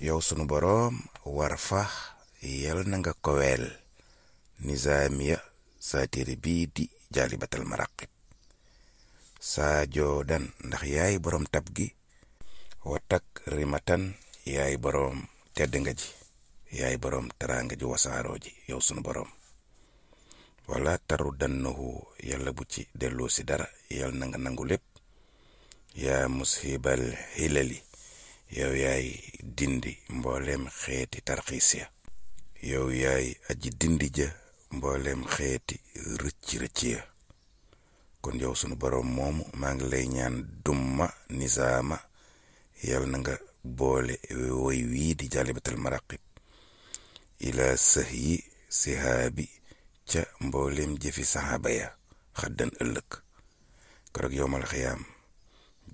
yow sunu boroom warfa fax yal na nga koweel nizaamiya saatiri bii di jaalibatal maraqib saa joodan ndax yaay boroom tab gi watak rimatan yaay boroom tedd nga ji yaay boroom teraanga ji wasaaroo ji yow sunu boroom wala taru dannahu yàlla bu ci delloo si dara yal na nga nangu lépp yaa musibal xilali yow yaay dindi mboolem xeeti tarxiis ya yow yaay aji dindi ja mbooleem xeeti rëcc rëcc ya kon yow sunu borom moom maa ngi lay ñaan dumma nisaama yàlla na nga boole woy wii di jalibatal maraqib ila sëx yi sihaabi ca mboolem jëfi saxaaba ya xaddan ëllëg keroog yowmal xiyaam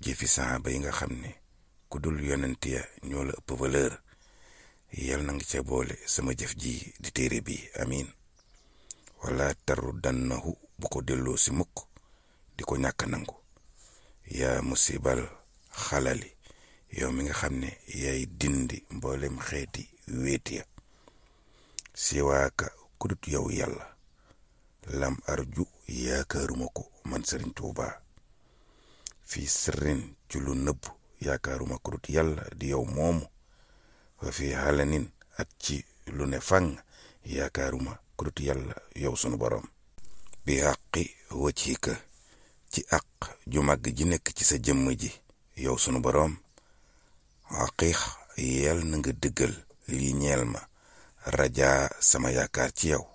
jëfi saxaaba yi nga xam ne ku dul yonent ya ñoo la ëpp yal na ca boole sama jëf ji di téere bi amiin wala taruddannahu bu ko delloo si mukk di ko ñàkk nangu yaa musibal xalali yow mi nga xam ne yaay dindi mboolem xeeti wéet ya ku dut yow yàlla lam arju yaakaaruma ko man sëriñ Tuuba fii sirrin ci lu nëbb yaakaaruma kurut yalla di yow moomu wa fi xalanin ak ci lu ne fang yaakaaruma kurut yàlla yow sunu borom. bi àqi wajhika ci àq ju màgg ji nekk ci sa jëmm ji yow sunu borom aqiix yal na nga dëggal lii ñeel ma rajaa sama yaakaar ci yow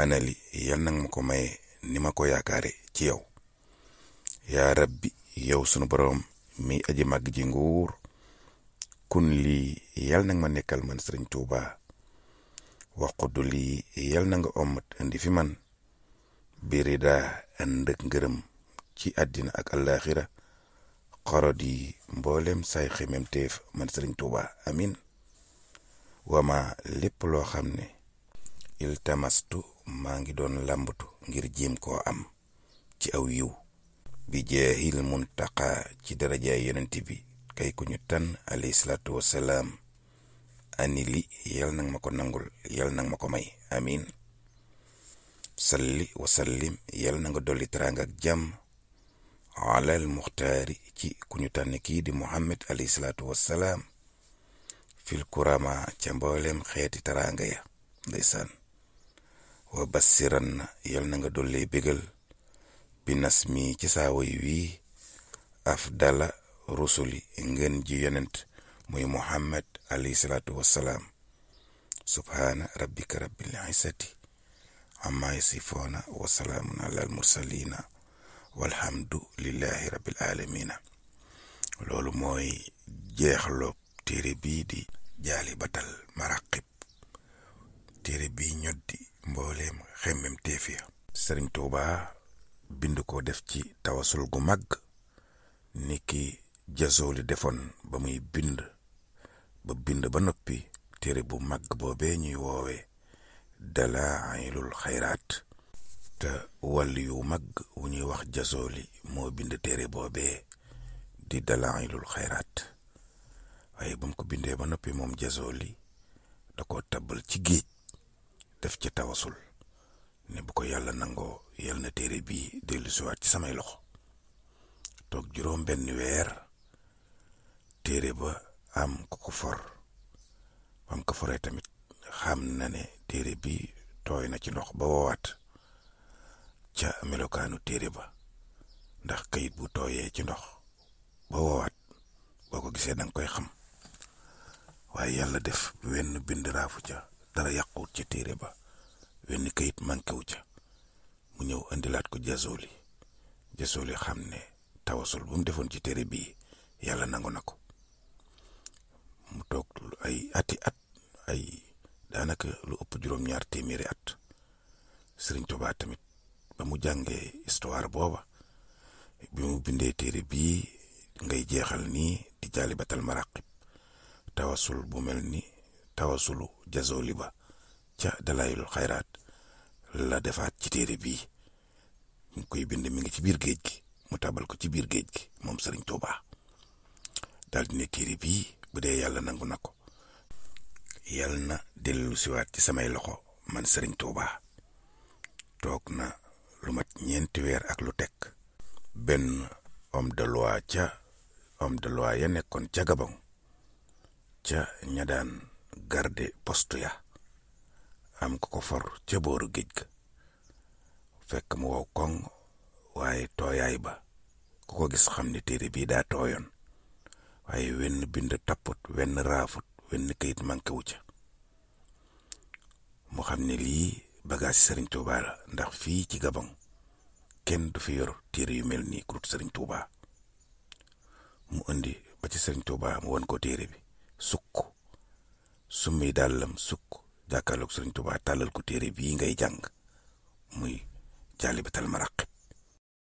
anali yal na ma ko maye ni ma ko yaakaare ci yow yaa rabbi yow sunu borom. mi aji màgg ji nguur kun lii yal na ma nekkal man sëriñ Tuuba waxudu lii yal na nga omat fi man birida ànd ak ci àddina ak àllaaxira xorod yi mboolem say xememteef man sëriñ Tuuba amin wama lépp loo xam ne iltamastu maa ngi doon làmbatu ngir jéem koo am ci aw yiw bi jeexil muntaqa ci darajaay yonent bi kay ku ñu tànn salaatu wassalaam ani yal nag ma ko nangul yal nag ma ko may amin salli wasallim yal na dolli teraanga ak jàmm alal ci ku ñu tànn kii di muhammad alayhi salaatu wassalaam fil kurama ca mboolem xeeti teraanga ya wa bassiran yal na nga dolli bégal bi nasmi ci saawoy wii afdala rusuli ngeen ji yonent muy muhammad alayhi salaatu wassalaam subhaana rabbika rabbil izzati amma yasifoona wa salaamun ala al mursalina walhamdu lillahi rabbil alamina loolu mooy jeexloob téere bii di jaali maraqib téere bii ñoddi mbooleem xemmem teefiya sëriñ tuuba bind ko def ci tawasul gu mag ni ki jazooli defoon ba muy bind ba bind ba noppi téere bu mag boobee ñuy woowe dalaa'ilul xayraat te wàll yu mag wu ñuy wax jazooli moo bind téere boobee di dalaa'ilul xayraat waaye ba mu ko bindee ba noppi moom jazooli da ko tabal ci géej def ci tawasul ne bu ko yàlla nangoo yal na téere bi dellu siwaat ci samay loxo toog juróom benn weer téere ba am ku ko for bam ko foree tamit xam na ne téere bi tooy na ci ndox ba woowaat ca melokaanu téere ba ndax kayit bu tooyee ci ndox ba woowaat boo ko gisee danga koy xam waaye yàlla def wenn bind raafu ca dara yàquwut ca téere ba wenn kayit man wu ca mu ñëw indilaat ko jasooli jasooli xam ne tawasul bu mu defoon ci téere bii yàlla nangu na ko mu toog ay ati at ay daanaka lu ëpp juróom-ñaar téeméeri at Sëriñ Tuubaa tamit ba mu jàngee histoire booba bi mu bindee téere bii ngay jeexal nii di jaalibatal maraqib tawasul bu mel ni tawasulu jazoli ba ca dalayul xayraat la defaat ci téere bii ñu koy bind mi ngi ci biir géej gi mu tabal ko ci biir géej gi moom sëriñ tooba daal di ne bii bu dee yàlla nangu na ko yàlla na dellu siwaat ci samay loxo man sëriñ Tuubaa toog na lu mat ñeenti weer ak lu teg benn homme de loi ca homme de loi ya nekkoon ca Gabon ca ña daan garde poste ya am ko ko for ca booru géej ga fekk mu wow koŋ waaye tooyaay ba ku ko gis xam ne téere bii daa tooyoon waaye wenn bind tapput wenn raafut wenn kayit manqué wu ca mu xam ne lii bagage sëriñ Touba la ndax fii ci Gabon kenn du fi yor téere yu mel nii kurut sëriñ mu indi ba ci sëriñ mu won ko téere bi sukk summi dàllam sukk jàkkaarloog sëriñ Tuubaa tàllal ko téere bii ngay jàng muy jaalibatal maraqib